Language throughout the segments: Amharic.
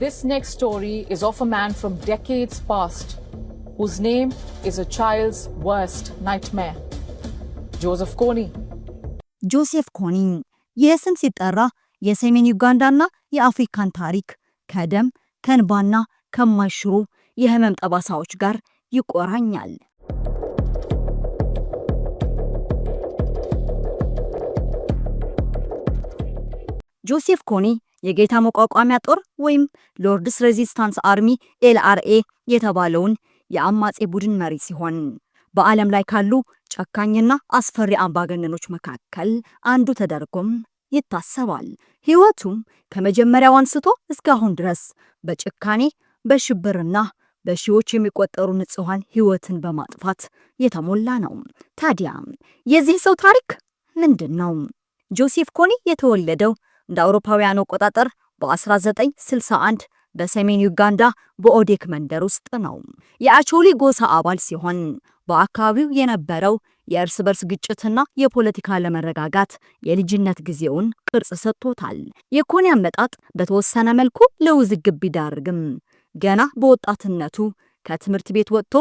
this next story is of a man from decades past whose name is a child's worst nightmare. ጆዘፍ ኮኒ ጆሴፍ ኮኒ። ይህ ስም ሲጠራ የሰሜን ዩጋንዳና የአፍሪካን ታሪክ ከደም ከእንባና ከማይሽሩ የህመም ጠባሳዎች ጋር ይቆራኛል። ጆሴፍ ኮኒ የጌታ መቋቋሚያ ጦር ወይም ሎርድስ ሬዚስታንስ አርሚ ኤልአርኤ የተባለውን የአማጼ ቡድን መሪ ሲሆን በዓለም ላይ ካሉ ጨካኝና አስፈሪ አምባገነኖች መካከል አንዱ ተደርጎም ይታሰባል። ሕይወቱም ከመጀመሪያው አንስቶ እስካሁን ድረስ በጭካኔ በሽብርና በሺዎች የሚቆጠሩ ንጹሐን ሕይወትን በማጥፋት የተሞላ ነው። ታዲያ የዚህ ሰው ታሪክ ምንድን ነው? ጆሴፍ ኮኒ የተወለደው እንደ አውሮፓውያን አቆጣጠር በ1961 በሰሜን ዩጋንዳ በኦዴክ መንደር ውስጥ ነው። የአቾሊ ጎሳ አባል ሲሆን በአካባቢው የነበረው የእርስ በርስ ግጭትና የፖለቲካ ለመረጋጋት የልጅነት ጊዜውን ቅርጽ ሰጥቶታል። የኮኔ አመጣጥ በተወሰነ መልኩ ለውዝግብ ቢዳርግም ገና በወጣትነቱ ከትምህርት ቤት ወጥቶ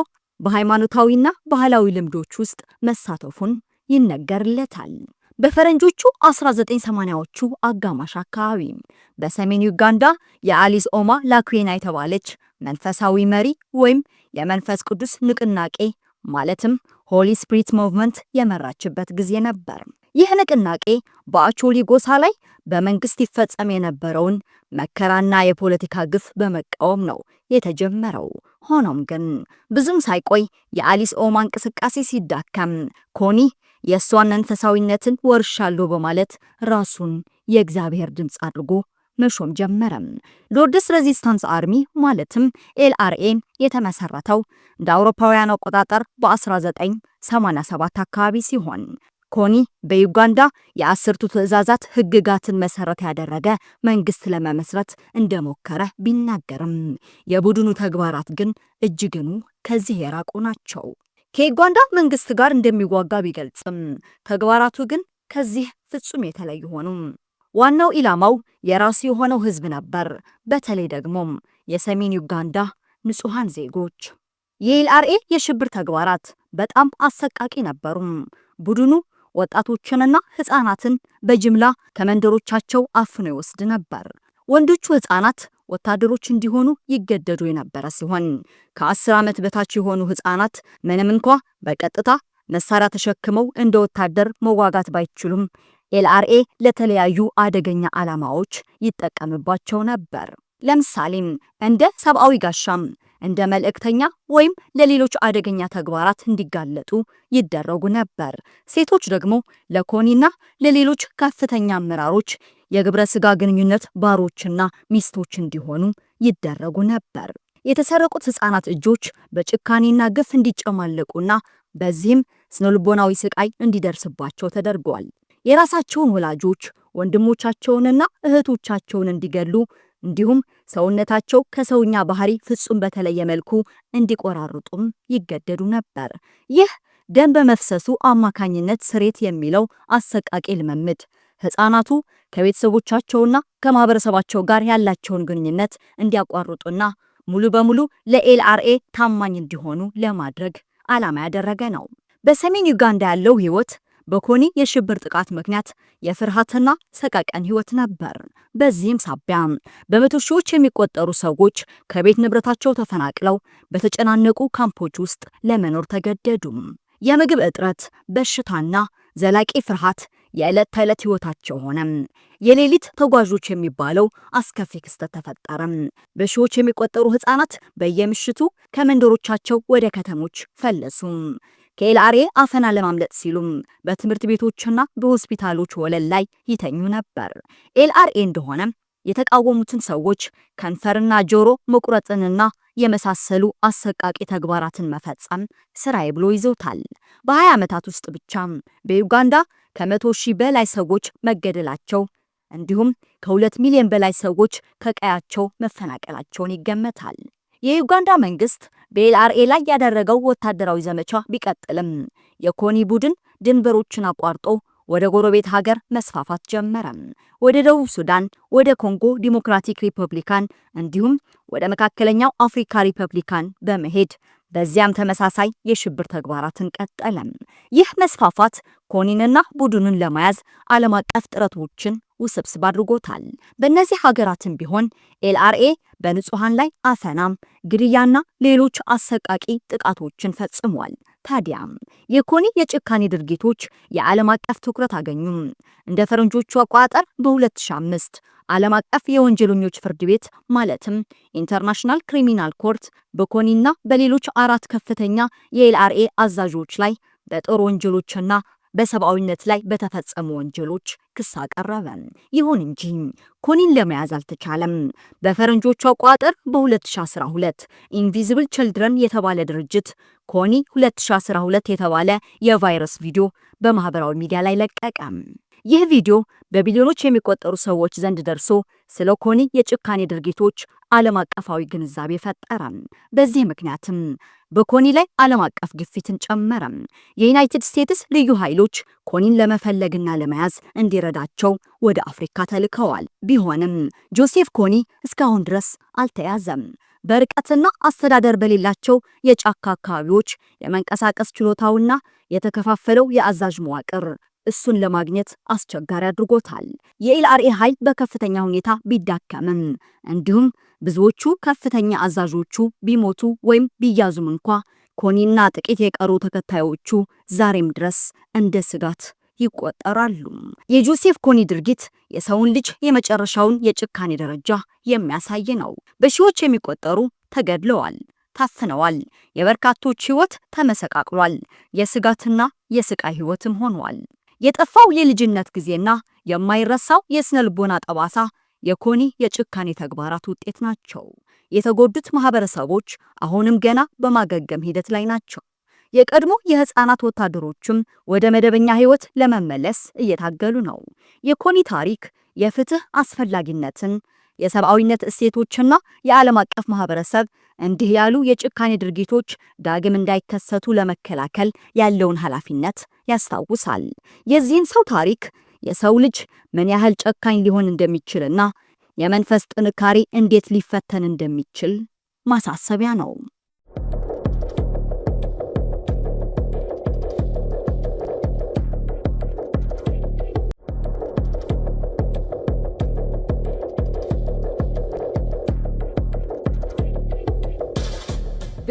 በሃይማኖታዊና ባህላዊ ልምዶች ውስጥ መሳተፉን ይነገርለታል። በፈረንጆቹ 1980ዎቹ አጋማሽ አካባቢ በሰሜን ዩጋንዳ የአሊስ ኦማ ላኩዌና የተባለች መንፈሳዊ መሪ ወይም የመንፈስ ቅዱስ ንቅናቄ ማለትም ሆሊ ስፒሪት ሙቭመንት የመራችበት ጊዜ ነበር። ይህ ንቅናቄ በአቾሊ ጎሳ ላይ በመንግስት ይፈጸም የነበረውን መከራና የፖለቲካ ግፍ በመቃወም ነው የተጀመረው። ሆኖም ግን ብዙም ሳይቆይ የአሊስ ኦማ እንቅስቃሴ ሲዳከም ኮኒ የእሷን መንፈሳዊነትን ወርሻለሁ በማለት ራሱን የእግዚአብሔር ድምፅ አድርጎ መሾም ጀመረም። ሎርድስ ሬዚስታንስ አርሚ ማለትም ኤልአርኤን የተመሰረተው እንደ አውሮፓውያን አቆጣጠር በ1987 አካባቢ ሲሆን ኮኒ በዩጋንዳ የአስርቱ ትዕዛዛት ህግጋትን መሰረት ያደረገ መንግስት ለመመስረት እንደሞከረ ቢናገርም የቡድኑ ተግባራት ግን እጅግኑ ከዚህ የራቁ ናቸው። ከዩጋንዳ መንግስት ጋር እንደሚዋጋ ቢገልጽም ተግባራቱ ግን ከዚህ ፍጹም የተለዩ ሆኑ። ዋናው ኢላማው የራሱ የሆነው ህዝብ ነበር፣ በተለይ ደግሞ የሰሜን ዩጋንዳ ንጹሐን ዜጎች። የኤልአርኤ የሽብር ተግባራት በጣም አሰቃቂ ነበሩ። ቡድኑ ወጣቶችንና ህፃናትን በጅምላ ከመንደሮቻቸው አፍኖ ይወስድ ነበር። ወንዶቹ ህፃናት ወታደሮች እንዲሆኑ ይገደዱ የነበረ ሲሆን ከአስር ዓመት በታች የሆኑ ሕፃናት ምንም እንኳ በቀጥታ መሳሪያ ተሸክመው እንደ ወታደር መዋጋት ባይችሉም ኤልአርኤ ለተለያዩ አደገኛ ዓላማዎች ይጠቀምባቸው ነበር። ለምሳሌም እንደ ሰብአዊ ጋሻም እንደ መልእክተኛ ወይም ለሌሎች አደገኛ ተግባራት እንዲጋለጡ ይደረጉ ነበር። ሴቶች ደግሞ ለኮኒና ለሌሎች ከፍተኛ አመራሮች የግብረ ስጋ ግንኙነት ባሮችና ሚስቶች እንዲሆኑ ይደረጉ ነበር። የተሰረቁት ህፃናት እጆች በጭካኔና ግፍ እንዲጨማለቁና በዚህም ስነልቦናዊ ስቃይ እንዲደርስባቸው ተደርገዋል። የራሳቸውን ወላጆች ወንድሞቻቸውንና እህቶቻቸውን እንዲገሉ እንዲሁም ሰውነታቸው ከሰውኛ ባህሪ ፍጹም በተለየ መልኩ እንዲቆራርጡም ይገደዱ ነበር። ይህ ደም በመፍሰሱ አማካኝነት ስሬት የሚለው አሰቃቂ ልምምድ ሕፃናቱ ከቤተሰቦቻቸውና ከማህበረሰባቸው ጋር ያላቸውን ግንኙነት እንዲያቋርጡና ሙሉ በሙሉ ለኤልአርኤ ታማኝ እንዲሆኑ ለማድረግ ዓላማ ያደረገ ነው። በሰሜን ዩጋንዳ ያለው ሕይወት በኮኒ የሽብር ጥቃት ምክንያት የፍርሃትና ሰቀቀን ህይወት ነበር። በዚህም ሳቢያ በመቶ ሺዎች የሚቆጠሩ ሰዎች ከቤት ንብረታቸው ተፈናቅለው በተጨናነቁ ካምፖች ውስጥ ለመኖር ተገደዱ። የምግብ እጥረት፣ በሽታና ዘላቂ ፍርሃት የዕለት ተዕለት ህይወታቸው ሆነ። የሌሊት ተጓዦች የሚባለው አስከፊ ክስተት ተፈጠረ። በሺዎች የሚቆጠሩ ህፃናት በየምሽቱ ከመንደሮቻቸው ወደ ከተሞች ፈለሱ። ከኤልአርኤ አፈና ለማምለጥ ሲሉም በትምህርት ቤቶችና በሆስፒታሎች ወለል ላይ ይተኙ ነበር። ኤልአርኤ እንደሆነ የተቃወሙትን ሰዎች ከንፈርና ጆሮ መቁረጥንና የመሳሰሉ አሰቃቂ ተግባራትን መፈጸም ስራዬ ብሎ ይዘውታል። በ20 ዓመታት ውስጥ ብቻ በዩጋንዳ ከመቶ ሺህ በላይ ሰዎች መገደላቸው እንዲሁም ከሁለት ሚሊዮን በላይ ሰዎች ከቀያቸው መፈናቀላቸውን ይገመታል። የዩጋንዳ መንግስት በኤልአርኤ ላይ ያደረገው ወታደራዊ ዘመቻ ቢቀጥልም የኮኒ ቡድን ድንበሮችን አቋርጦ ወደ ጎረቤት ሀገር መስፋፋት ጀመረ። ወደ ደቡብ ሱዳን፣ ወደ ኮንጎ ዲሞክራቲክ ሪፐብሊካን እንዲሁም ወደ መካከለኛው አፍሪካ ሪፐብሊካን በመሄድ በዚያም ተመሳሳይ የሽብር ተግባራትን ቀጠለም። ይህ መስፋፋት ኮኒንና ቡድኑን ለመያዝ ዓለም አቀፍ ጥረቶችን ውስብስብ አድርጎታል። በእነዚህ ሀገራትም ቢሆን ኤልአርኤ በንጹሐን ላይ አፈናም፣ ግድያና ሌሎች አሰቃቂ ጥቃቶችን ፈጽሟል። ታዲያም የኮኒ የጭካኔ ድርጊቶች የዓለም አቀፍ ትኩረት አገኙም። እንደ ፈረንጆቹ አቆጣጠር በ2005 ዓለም አቀፍ የወንጀለኞች ፍርድ ቤት ማለትም ኢንተርናሽናል ክሪሚናል ኮርት በኮኒና በሌሎች አራት ከፍተኛ የኤልአርኤ አዛዦች ላይ በጦር ወንጀሎችና በሰብአዊነት ላይ በተፈጸሙ ወንጀሎች ክስ አቀረበ። ይሁን እንጂ ኮኒን ለመያዝ አልተቻለም። በፈረንጆቹ አቆጣጠር በ2012 ኢንቪዚብል ችልድረን የተባለ ድርጅት ኮኒ 2012 የተባለ የቫይረስ ቪዲዮ በማህበራዊ ሚዲያ ላይ ለቀቀ። ይህ ቪዲዮ በቢሊዮኖች የሚቆጠሩ ሰዎች ዘንድ ደርሶ ስለ ኮኒ የጭካኔ ድርጊቶች ዓለም አቀፋዊ ግንዛቤ ፈጠረም። በዚህ ምክንያትም በኮኒ ላይ ዓለም አቀፍ ግፊትን ጨመረም። የዩናይትድ ስቴትስ ልዩ ኃይሎች ኮኒን ለመፈለግና ለመያዝ እንዲረዳቸው ወደ አፍሪካ ተልከዋል። ቢሆንም ጆሴፍ ኮኒ እስካሁን ድረስ አልተያዘም። በርቀትና አስተዳደር በሌላቸው የጫካ አካባቢዎች የመንቀሳቀስ ችሎታውና የተከፋፈለው የአዛዥ መዋቅር እሱን ለማግኘት አስቸጋሪ አድርጎታል። የኤልአርኤ ኃይል በከፍተኛ ሁኔታ ቢዳከምም እንዲሁም ብዙዎቹ ከፍተኛ አዛዦቹ ቢሞቱ ወይም ቢያዙም እንኳ ኮኒና ጥቂት የቀሩ ተከታዮቹ ዛሬም ድረስ እንደ ስጋት ይቆጠራሉ። የጆሴፍ ኮኒ ድርጊት የሰውን ልጅ የመጨረሻውን የጭካኔ ደረጃ የሚያሳይ ነው። በሺዎች የሚቆጠሩ ተገድለዋል፣ ታፍነዋል። የበርካቶች ሕይወት ተመሰቃቅሏል። የስጋትና የስቃይ ሕይወትም ሆኗል። የጠፋው የልጅነት ጊዜና የማይረሳው የስነ ልቦና ጠባሳ የኮኒ የጭካኔ ተግባራት ውጤት ናቸው። የተጎዱት ማህበረሰቦች አሁንም ገና በማገገም ሂደት ላይ ናቸው። የቀድሞ የህፃናት ወታደሮችም ወደ መደበኛ ህይወት ለመመለስ እየታገሉ ነው። የኮኒ ታሪክ የፍትህ አስፈላጊነትን የሰብአዊነት እሴቶችና የዓለም አቀፍ ማህበረሰብ እንዲህ ያሉ የጭካኔ ድርጊቶች ዳግም እንዳይከሰቱ ለመከላከል ያለውን ኃላፊነት ያስታውሳል። የዚህን ሰው ታሪክ የሰው ልጅ ምን ያህል ጨካኝ ሊሆን እንደሚችልና የመንፈስ ጥንካሬ እንዴት ሊፈተን እንደሚችል ማሳሰቢያ ነው።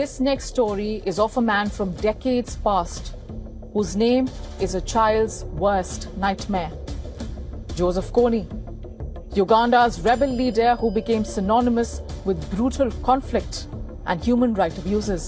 This next story is of a man from decades past whose name is a child's worst nightmare Joseph Kony, Uganda's rebel leader who became synonymous with brutal conflict and human rights abuses.